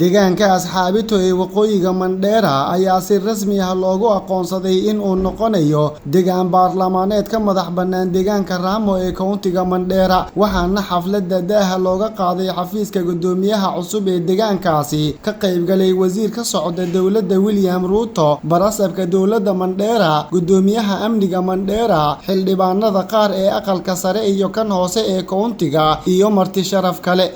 deegaanka asxaabito ee waqooyiga mandheera ayaa si rasmi ah loogu aqoonsaday in uu noqonayo degaan baarlamaaneed ka madax bannaan deegaanka ramo ee kowntiga mandheera waxaana xafladda daaha looga qaaday xafiiska guddoomiyaha cusub ee deegaankaasi ka qaybgalay wasiir ka socda dowladda william ruuto barasabka dowladda mandheera guddoomiyaha amniga mandheera xildhibaanada qaar ee aqalka sare iyo kan hoose ee kowntiga iyo marti sharaf kale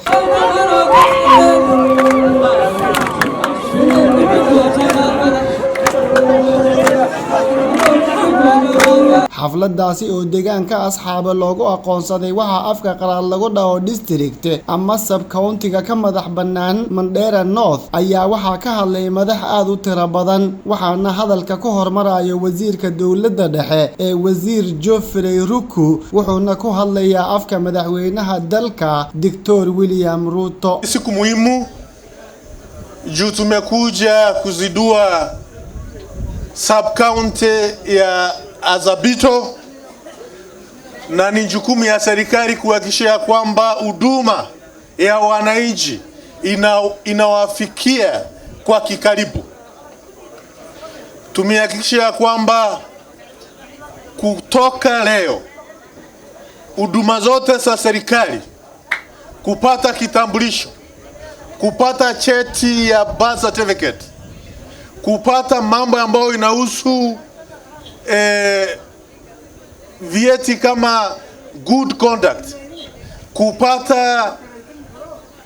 xafladaasi oo deegaanka asxaaba loogu aqoonsaday waxaa afka qalaad lagu dhaho district ama sabkountiga ka madax bannaan mandhera north ayaa waxaa ka hadlay madax aad u tiro badan waxaana hadalka ku hormarayo wasiirka dowladda dhexe ee wasiir jofrey ruku wuxuuna ku hadlayaa afka madaxweynaha dalka doctor william ruto siku muhimu juu tumekuja kuzidua sub county ya Azabito, na ni jukumu ya serikali kuhakikisha kwamba huduma ya wananchi ina, inawafikia kwa kikaribu. Tumehakikisha kwamba kutoka leo huduma zote za serikali, kupata kitambulisho, kupata cheti ya birth certificate, kupata mambo ambayo inahusu eh, vieti kama good conduct, kupata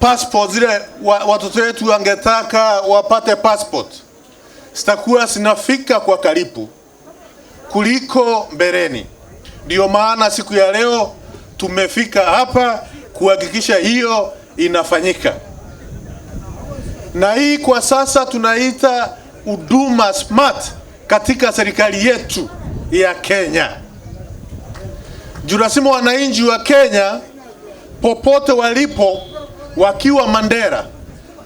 passport zile watoto wetu wangetaka wapate passport, zitakuwa zinafika kwa karibu kuliko mbeleni. Ndiyo maana siku ya leo tumefika hapa kuhakikisha hiyo inafanyika, na hii kwa sasa tunaita huduma smart katika serikali yetu ya Kenya. jurasimu wananchi wa Kenya popote walipo, wakiwa Mandera,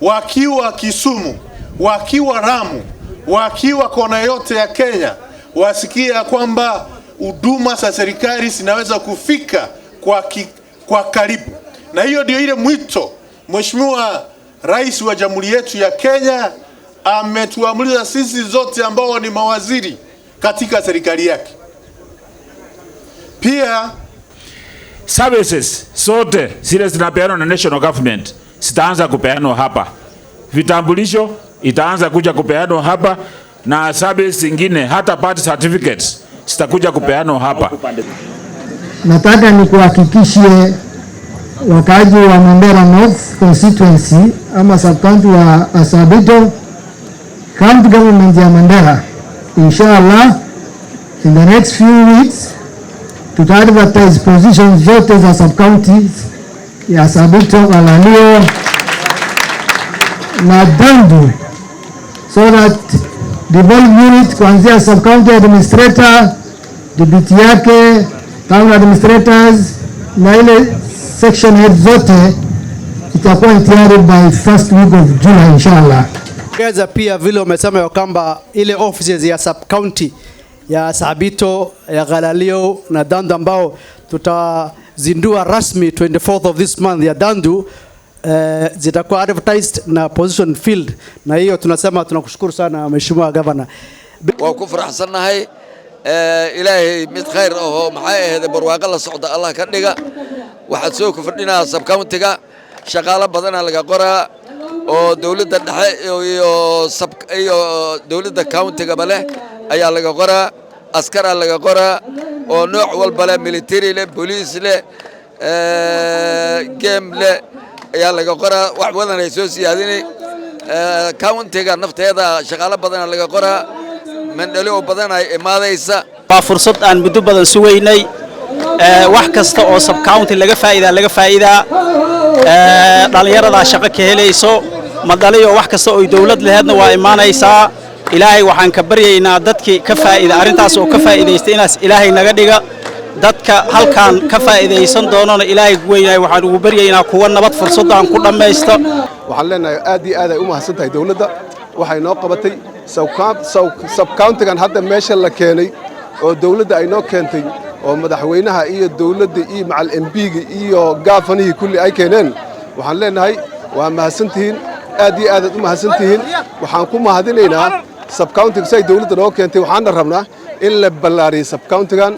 wakiwa Kisumu, wakiwa Ramu, wakiwa kona yote ya Kenya, wasikia kwamba huduma za serikali zinaweza kufika kwa, ki, kwa karibu. Na hiyo ndio ile mwito Mheshimiwa Rais wa Jamhuri yetu ya Kenya ametuamuliza sisi zote ambao ni mawaziri katika serikali yake. Pia services zote zile zinapeanwa na national government zitaanza kupeanwa hapa. Vitambulisho itaanza kuja kupeanwa hapa na services zingine, hata birth certificates zitakuja kupeanwa hapa. Nataka nikuhakikishie wakaaji wa Mandera North constituency ama county wa Asabito current government ya Mandela inshallah, in the next few weeks tuta advertise positions zote za sub counties ya Sabuto, Alalio na Dandu so that the whole unit kuanzia sub county administrator, dibiti yake, town administrators na ile section head zote itakuwa tayari by first week of July inshallah kuongeza pia vile umesema ya kwamba ile offices ya sub county ya Sabito ya Galalio na Dandu ambao tutazindua rasmi 24th of this month ya Dandu uh, zitakuwa advertised na position filled. na hiyo tunasema tunakushukuru sana Mheshimiwa Gavana. wa ku faraxsanahay eh, ilaahay mid khayr aho maxay ahayd barwaaqo la socda Allah ka dhiga waxaad soo kordhinaa sub countyga shaqaale badana laga qoraa oo dowladda dhexe iyo dowladda countigaba leh ayaa laga qoraa askaraa laga qoraa oo nooc walba leh military leh boliis leh eh, gem leh ayaa laga qoraa wax badan ay soo siyaadini eh, countiga nafteeda shaqaalo badana laga qoraa mandhalio badan ay imaadaysa waa fursad aan muddo badan sugaynay eh, wax kasta oo sub county laga faa'idaa laga faa'iidaa dhallinyaradaa shaqo ka helayso ma dhalay wax kasta oy dawlad laheedna waa imaanaysaa ilaahay waxaan ka baryaynaa dadkii ka faa'ida arrintaas oo ka faa'iidaysta inaas ilaahay naga dhiga dadka halkaan ka faa'idaysan doonona ilaahay weynaay waxaan ugu baryaynaa kuwa nabad fursadaan ku dhammaysto waxaan leenahay aad iyo aad ay u mahadsan tahay dawladda waxay noo qabatay sabkauntigan hadda meesha la keenay oo dawladda ay noo keentay oo madaxweynaha iyo dawladda iyo macal embiiga iyo gaafanihii kulli ay keeneen waxaan leenahay waa mahadsantihiin aad iyo aadaad u mahadsantihiin waxaan ku mahadinaynaa sabcountiga si ay dawladda noo keentay waxaanna rabnaa in la ballaariyay sabcountigan